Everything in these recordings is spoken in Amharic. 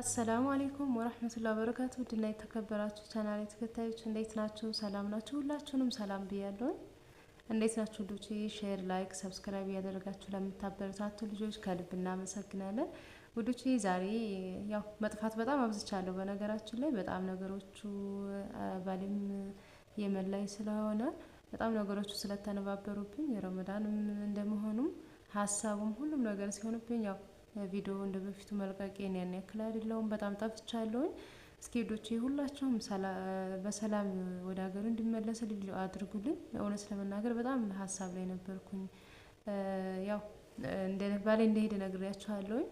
አሰላሙ አሌይኩም ወረህመቱላ በረካቱ ውድና የተከበራችሁ ቻናል ተከታዮች እንዴት ናችሁ? ሰላም ናችሁ? ሁላችሁንም ሰላም ብያለሁኝ። እንዴት ናችሁ ልጆች? ሼር፣ ላይክ፣ ሰብስክራይብ እያደረጋችሁ ለምታበረታቱ ልጆች ከልብ እናመሰግናለን። ውዶች ዛሬ ያው መጥፋት በጣም አብዝቻለሁ። በነገራችን ላይ በጣም ነገሮቹ ባሌም የመላይ ስለሆነ በጣም ነገሮቹ ስለተነባበሩብኝ የረመዳንም እንደመሆኑም ሀሳቡም ሁሉም ነገር ሲሆንብኝ ያው ቪዲዮ እንደ በፊቱ መልቀቄን ያን ያክል አይደለውም። በጣም ጠፍቻለሁኝ። እስኪ ዶቼ ሁላቸውም በሰላም ወደ ሀገሩ እንዲመለስ ልዩ አድርጉልኝ። እውነት ለመናገር በጣም ሀሳብ ላይ ነበርኩኝ። ያው እንደባላይ እንደሄደ ነግሬያቸዋለሁኝ።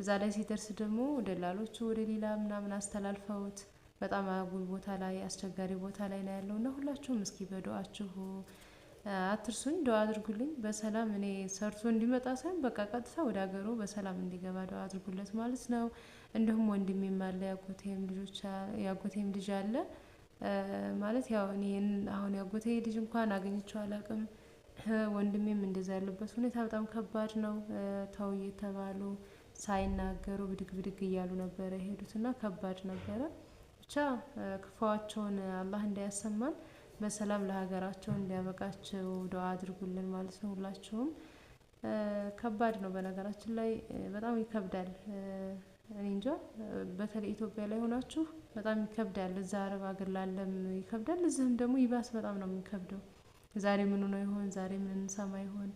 እዛ ላይ ሲደርስ ደግሞ ደላሎቹ ወደ ሌላ ምናምን አስተላልፈውት በጣም አጉል ቦታ ላይ አስቸጋሪ ቦታ ላይ ነው ያለው እና ሁላችሁም እስኪ በዶአችሁ አትርሱኝ፣ ደዋ አድርጉልኝ። በሰላም እኔ ሰርቶ እንዲመጣ ሳይሆን በቃ ቀጥታ ወደ ሀገሩ በሰላም እንዲገባ ደዋ አድርጉለት ማለት ነው። እንዲሁም ወንድሜም አለ ያጎቴም ልጅ አለ ማለት ያው እኔ አሁን ያጎቴ ልጅ እንኳን አገኘችው አላቅም። ወንድሜም እንደዛ ያለበት ሁኔታ በጣም ከባድ ነው። ተው እየተባሉ ሳይናገሩ ብድግ ብድግ እያሉ ነበረ የሄዱት እና ከባድ ነበረ። ብቻ ክፋዋቸውን አላህ እንዳያሰማን በሰላም ለሀገራቸው እንዲያበቃቸው ዱአ አድርጉልን ማለት ነው። ሁላችሁም ከባድ ነው። በነገራችን ላይ በጣም ይከብዳል። እኔ እንጃ በተለይ ኢትዮጵያ ላይ ሆናችሁ በጣም ይከብዳል። እዛ አረብ ሀገር ላለም ይከብዳል። እዚህም ደግሞ ይባስ በጣም ነው የሚከብደው። ዛሬ ምን ሆኖ ይሆን? ዛሬ ምን እንሰማ ይሆን?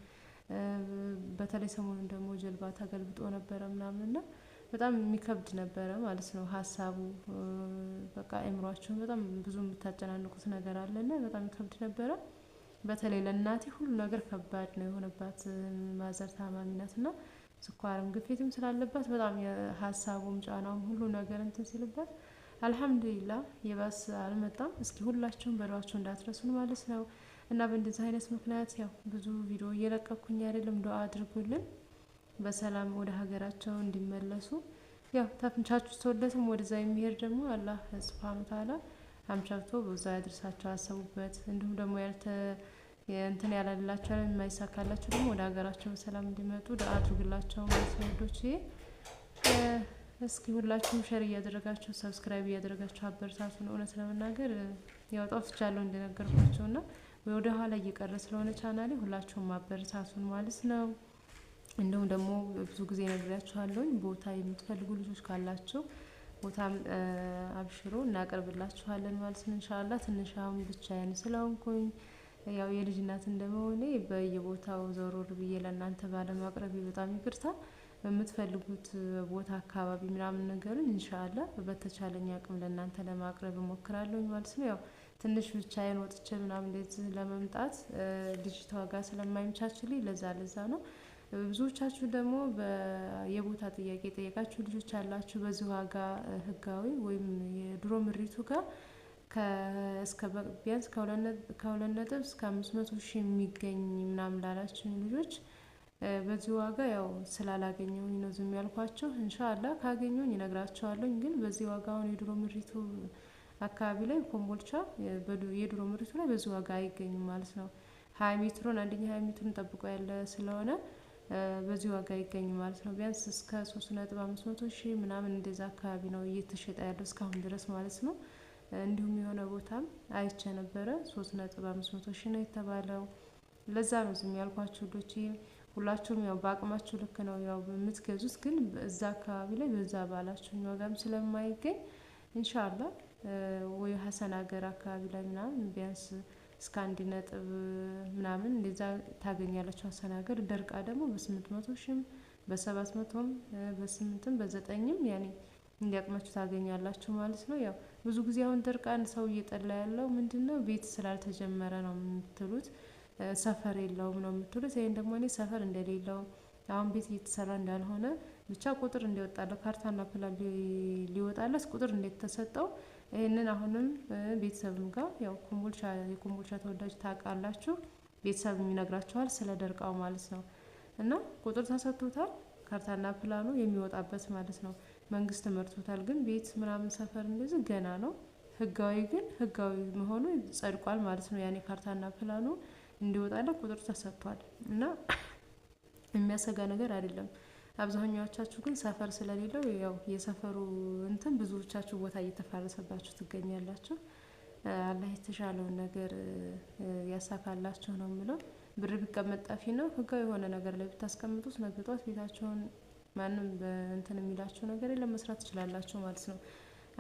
በተለይ ሰሞኑን ደግሞ ጀልባ ተገልብጦ ነበረ ምናምንና በጣም የሚከብድ ነበረ ማለት ነው ሀሳቡ። በቃ አእምሯቸውን በጣም ብዙ የምታጨናንቁት ነገር አለና በጣም ይከብድ ነበረ። በተለይ ለእናቴ ሁሉ ነገር ከባድ ነው የሆነባት። ማዘር ታማሚ ናት እና ስኳርም ግፊትም ስላለባት በጣም የሀሳቡም ጫናውም ሁሉ ነገር እንትን ሲልባት አልሐምዱሊላ የባስ አልመጣም። እስኪ ሁላችሁም በዱዓችሁ እንዳትረሱን ማለት ነው እና በእንደዚህ አይነት ምክንያት ያው ብዙ ቪዲዮ እየለቀኩኝ አይደለም። ዱዓ አድርጉልን። በሰላም ወደ ሀገራቸው እንዲመለሱ ያው ተምቻቹ ተወለትም ወደዛ የሚሄድ ደግሞ አላህ ሱብሃነሁ ተዓላ አምቻቶ በዛ ያድርሳቸው። አሰቡበት። እንዲሁም ደግሞ ያልተ እንትን ያላላቸው የማይሳካላቸው ደግሞ ወደ ሀገራቸው በሰላም እንዲመጡ ዱዓ አድርግላቸው። ማስወዶች እስኪ ሁላችሁም ሸር እያደረጋቸው ሰብስክራይብ እያደረጋቸው አበረታቱን። እውነት ለመናገር ያው ጠፍቻለሁ እንደነገርኳቸው እና ወደ ኋላ እየቀረ ስለሆነ ቻናሌ ሁላችሁም አበረታቱን ማለት ነው። እንዲሁም ደግሞ ብዙ ጊዜ ነግሪያችኋለሁኝ ቦታ የምትፈልጉ ልጆች ካላችሁ ቦታም አብሽሮ እናቀርብላችኋለን ማለት ነው። እንሻላ ትንሻም ብቻዬን ስለሆንኩኝ ያው የልጅ እናት እንደመሆኔ በየቦታው ዘወር ብዬ ለእናንተ ባለማቅረብ በጣም ይቅርታ። በምትፈልጉት ቦታ አካባቢ ምናምን ነገሩኝ እንሻላ በተቻለኝ አቅም ለእናንተ ለማቅረብ እሞክራለሁኝ ማለት ነው። ያው ትንሽ ብቻዬን ወጥቼ ምናምን እንዴት ለመምጣት ልጅቷ ጋር ስለማይመቻችልኝ ለዛ ለዛ ነው። ብዙዎቻችሁ ደግሞ የቦታ ጥያቄ የጠየቃችሁ ልጆች ያላችሁ በዚህ ዋጋ ህጋዊ ወይም የድሮ ምሪቱ ጋር ቢያንስ ከሁለት ነጥብ እስከ አምስት መቶ ሺህ የሚገኝ ምናምን ላላችሁ ልጆች በዚህ ዋጋ ያው ስላላገኘሁኝ ነው ዝም ያልኳቸው። እንሻላ ካገኘሁኝ እነግራቸዋለሁኝ። ግን በዚህ ዋጋ አሁን የድሮ ምሪቱ አካባቢ ላይ ኮምቦልቻ የድሮ ምሪቱ ላይ በዚህ ዋጋ አይገኝም ማለት ነው። ሀያ ሜትሮን አንደኛ ሀያ ሜትሮን ጠብቆ ያለ ስለሆነ በዚህ ዋጋ ይገኝ ማለት ነው። ቢያንስ እስከ ሶስት ነጥብ አምስት መቶ ሺ ምናምን እንደዛ አካባቢ ነው እየተሸጠ ያለው እስካሁን ድረስ ማለት ነው። እንዲሁም የሆነ ቦታም አይቼ ነበረ ሶስት ነጥብ አምስት መቶ ሺ ነው የተባለው። ለዛ ነው ዝም ያልኳችሁ ዶች ሁላችሁም ያው በአቅማችሁ ልክ ነው ያው የምትገዙት፣ ግን እዛ አካባቢ ላይ በዛ ባላችሁኝ ዋጋም ስለማይገኝ እንሻላ ወይ ሀሰን ሀገር አካባቢ ላይ ምናምን ቢያንስ እስከ አንድ ነጥብ ምናምን እንደዛ ታገኛለች። አሰናገድ ደርቃ ደግሞ በስምንት መቶ ሺም በሰባት መቶም በስምንትም በዘጠኝም ያኔ እንዲያቅማችሁ ታገኛላችሁ ማለት ነው። ያው ብዙ ጊዜ አሁን ደርቃን ሰው እየጠላ ያለው ምንድን ነው? ቤት ስላልተጀመረ ነው የምትሉት፣ ሰፈር የለውም ነው የምትሉት። ይህን ደግሞ እኔ ሰፈር እንደሌለውም አሁን ቤት እየተሰራ እንዳልሆነ ብቻ ቁጥር እንዲወጣለሁ ካርታና ፕላን ሊወጣለስ ቁጥር ተሰጠው? ይህንን አሁንም ቤተሰብም ጋር ያው ኮምቦልቻ የኮምቦልቻ ተወዳጅ ታውቃላችሁ፣ ቤተሰብ ይነግራችኋል ስለ ደርቃው ማለት ነው። እና ቁጥር ተሰጥቶታል ካርታና ፕላኑ የሚወጣበት ማለት ነው። መንግስት መርቶታል፣ ግን ቤት ምናምን ሰፈር እንደዚህ ገና ነው። ህጋዊ ግን ህጋዊ መሆኑ ጸድቋል ማለት ነው። ያኔ ካርታና ፕላኑ እንዲወጣለ ቁጥር ተሰጥቷል እና የሚያሰጋ ነገር አይደለም። አብዛኛዎቻችሁ ግን ሰፈር ስለሌለው ያው የሰፈሩ እንትን ብዙዎቻችሁ ቦታ እየተፋረሰባችሁ ትገኛላችሁ። አላህ የተሻለውን ነገር ያሳካላችሁ ነው የምለው። ብር ቢቀመጥ ጠፊ ነው። ህጋዊ የሆነ ነገር ላይ ብታስቀምጡት ነገ ጧት ቤታችሁን ማንም እንትን የሚላችሁ ነገር የለም፣ መስራት ትችላላችሁ ማለት ነው።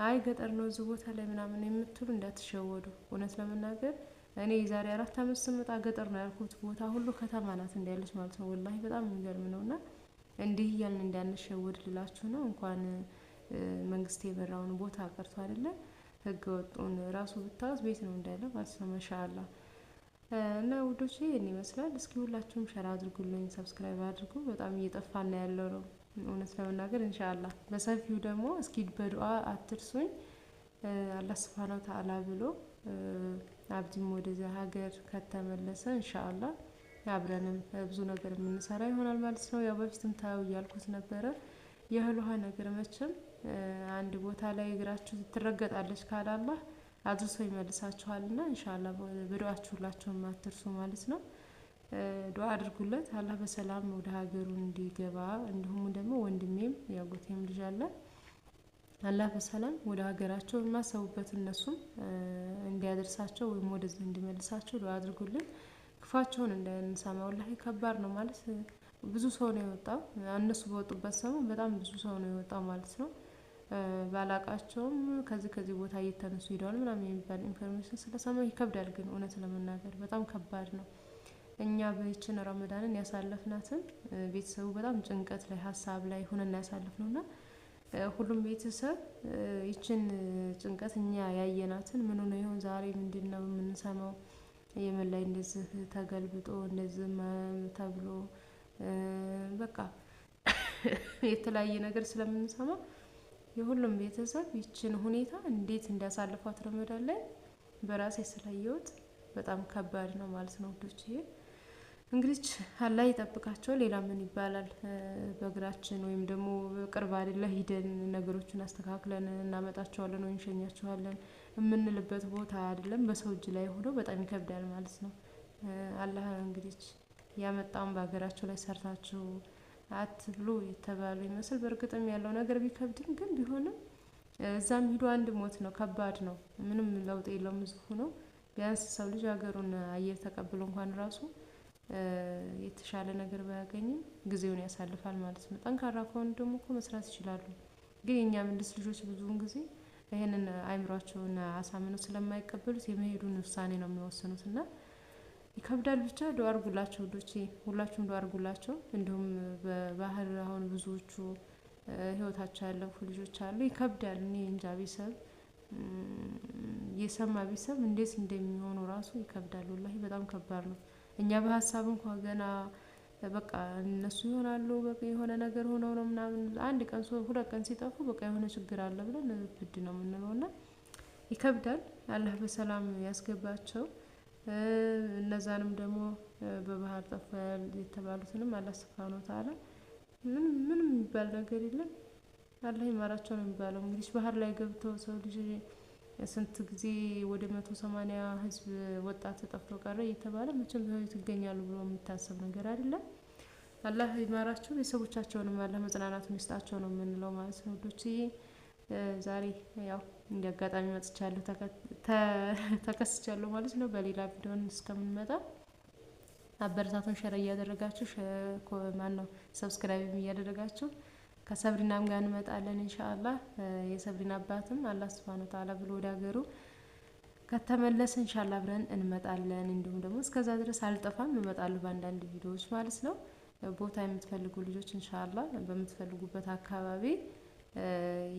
አይ ገጠር ነው እዚህ ቦታ ላይ ምናምን የምትሉ እንዳትሸወዱ። እውነት ለመናገር እኔ የዛሬ አራት አመት ስመጣ ገጠር ነው ያልኩት ቦታ ሁሉ ከተማ ናት እንዳያለች ማለት ነው። ወላሂ በጣም የሚገርም ነው እና እንዲህ እያልን እንዳንሸወድ ልላችሁ ነው። እንኳን መንግስት የበራውን ቦታ ቀርቶ አይደለም ህገ ወጡን ራሱ ብታወስ ቤት ነው እንዳለ ባሰ አሰመሻላ እና ውዶቼ ይህን ይመስላል። እስኪ ሁላችሁም ሸር አድርጉልኝ፣ ሰብስክራይብ አድርጉ። በጣም እየጠፋና ያለው ነው እውነት ለመናገር እንሻላ በሰፊው ደግሞ እስኪ በዱአ አትርሱኝ። አላህ ስብሓን ተዓላ ብሎ አብዲም ወደዚያ ሀገር ከተመለሰ እንሻአላ አብረንም ብዙ ነገር የምንሰራ ይሆናል ማለት ነው። ያው በፊትም ታየው እያልኩት ነበረ። የእህል ውሃ ነገር መቼም አንድ ቦታ ላይ እግራችሁ ትረገጣለች ካላላህ አድርሶ ና እንሻላ በዱዓችሁ ሁላችሁም አትርሱ ማለት ነው። ዱዓ አድርጉለት አላህ በሰላም ወደ ሀገሩ እንዲገባ እንዲሁም ደግሞ ወንድሜም ያጎቴም ልጅ አለ አላህ በሰላም ወደ ሀገራቸው የማሰቡበት እነሱም እንዲያደርሳቸው ወይም ወደዚህ እንዲመልሳቸው ዱዓ አድርጉልን። ክፋቸውን እንደንሰማ ወላሂ ከባድ ነው ማለት ብዙ ሰው ነው የወጣው። እነሱ በወጡበት ሰሞን በጣም ብዙ ሰው ነው የወጣው ማለት ነው። ባላቃቸውም ከዚህ ከዚህ ቦታ እየተነሱ ሄደዋል ምናምን የሚባል ኢንፎርሜሽን ስለሰማ ይከብዳል። ግን እውነት ለመናገር በጣም ከባድ ነው። እኛ በይችን ረመዳንን ያሳለፍናትን ቤተሰቡ በጣም ጭንቀት ላይ ሀሳብ ላይ ሆነና ያሳለፍ ነውና ሁሉም ቤተሰብ ይችን ጭንቀት እኛ ያየናትን ምን ሆነ ይሆን ዛሬ ምንድን ነው የምንሰማው የመን ላይ እንደዚህ ተገልብጦ እንደዚህ ተብሎ በቃ የተለያየ ነገር ስለምንሰማ የሁሉም ቤተሰብ ይችን ሁኔታ እንዴት እንዳሳልፏት ረመዳን ላይ በራሴ ስላየሁት በጣም ከባድ ነው ማለት ነው ውዶች። ይሄ እንግዲህ አላህ ይጠብቃቸው። ሌላ ምን ይባላል? በእግራችን ወይም ደግሞ ቅርብ አይደለ ሂደን ነገሮችን አስተካክለን እናመጣቸዋለን ወይ እንሸኛቸዋለን። የምንልበት ቦታ አይደለም። በሰው እጅ ላይ ሆኖ በጣም ይከብዳል ማለት ነው። አላህ እንግዲህ ያመጣውን በሀገራቸው ላይ ሰርታችሁ አትብሉ የተባሉ ይመስል በእርግጥም ያለው ነገር ቢከብድም ግን ቢሆንም እዛም ሂዶ አንድ ሞት ነው። ከባድ ነው። ምንም ለውጥ የለውም። ዝፉ ነው። ቢያንስ ሰው ልጅ ሀገሩን አየር ተቀብሎ እንኳን ራሱ የተሻለ ነገር ባያገኝም ጊዜውን ያሳልፋል ማለት ነው። ጠንካራ ከሆኑ ደግሞ እኮ መስራት ይችላሉ። ግን የእኛ መንደስ ልጆች ብዙውን ጊዜ ይህንን አይምሯቸውን አሳምኖ ስለማይቀበሉት የመሄዱን ውሳኔ ነው የሚወስኑት እና ይከብዳል። ብቻ ዱአ አድርጉላቸው ውዶቼ፣ ሁላችሁም ዱአ አድርጉላቸው። እንዲሁም በባህር አሁን ብዙዎቹ ህይወታቸው ያለፉ ልጆች አሉ። ይከብዳል። እኔ እንጃ ቤተሰብ የሰማ ቤተሰብ እንዴት እንደሚሆኑ ራሱ ይከብዳል። ወላሂ በጣም ከባድ ነው። እኛ በሀሳብ እንኳ ገና በቃ እነሱ ይሆናሉ በቃ የሆነ ነገር ሆነው ነው ምናምን አንድ ቀን ሁለት ቀን ሲጠፉ በቃ የሆነ ችግር አለ ብለን ብድ ነው የምንለው እና ይከብዳል። አላህ በሰላም ያስገባቸው። እነዛንም ደግሞ በባህር ጠፋ የተባሉትንም አላህ ስብሃነ ወተዓላ ምንም ምንም የሚባል ነገር የለም። አላህ ይማራቸው ነው የሚባለው። እንግዲህ ባህር ላይ ገብተው ሰው ልጅ ስንት ጊዜ ወደ መቶ ሰማኒያ ህዝብ ወጣት ተጠፍቶ ቀረ እየተባለ መቼም በህይወት ይገኛሉ ብሎ የሚታሰብ ነገር አይደለም። አላህ ይማራቸው፣ ቤተሰቦቻቸውንም አላህ መጽናናት ይስጣቸው ነው የምንለው ማለት ነው ዶች ዛሬ ያው እንዲ አጋጣሚ መጥቻለሁ ተከስቻለሁ ማለት ነው። በሌላ ቪዲዮን እስከምንመጣ አበረታቱን፣ ሸር እያደረጋችሁ ማን ነው ሰብስክራይብ እያደረጋችሁ ከሰብሪናም ጋር እንመጣለን ኢንሻአላህ። የሰብሪና አባትም አላህ ሱብሃነሁ ወተዓላ ብሎ ወደ ሀገሩ ከተመለሰ ኢንሻአላህ አብረን እንመጣለን። እንዲሁም ደግሞ እስከዛ ድረስ አልጠፋም እመጣለሁ በአንዳንድ ቪዲዮዎች ማለት ነው። ቦታ የምትፈልጉ ልጆች ኢንሻአላህ በምትፈልጉበት አካባቢ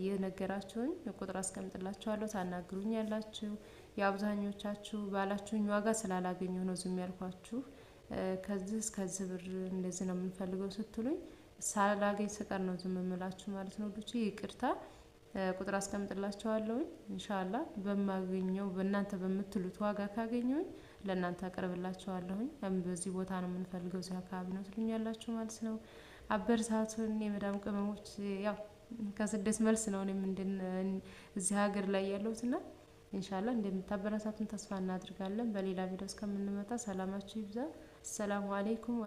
የነገራችሁን ቁጥር አስቀምጥላችኋለሁ። ታናግሩኝ ያላችሁ የአብዛኞቻችሁ ባላችሁኝ ዋጋ ስላላገኘሁ ነው ዝም ያልኳችሁ። ከዚህ እስከዚህ ብር እንደዚህ ነው የምንፈልገው ስትሉኝ ሳላገኝ ስቀር ነው ዝም ምላችሁ ማለት ነው። ዱቼ ይቅርታ ቁጥር አስቀምጥላችኋለሁኝ። እንሻላ በማገኘው በእናንተ በምትሉት ዋጋ ካገኘሁኝ ለእናንተ አቀርብላችኋለሁኝ። በዚህ ቦታ ነው የምንፈልገው እዚህ አካባቢ ነው ትሉኛላችሁ ማለት ነው። አበረታቱን የመዳም ቅመሞች። ያው ከስደት መልስ ነው እኔም እዚህ ሀገር ላይ ያለሁት እና ኢንሻላ እንደምታበረታቱን ተስፋ እናድርጋለን። በሌላ ቪዲዮ እስከምንመጣ ሰላማችሁ ይብዛ። አሰላሙ አሌይኩም።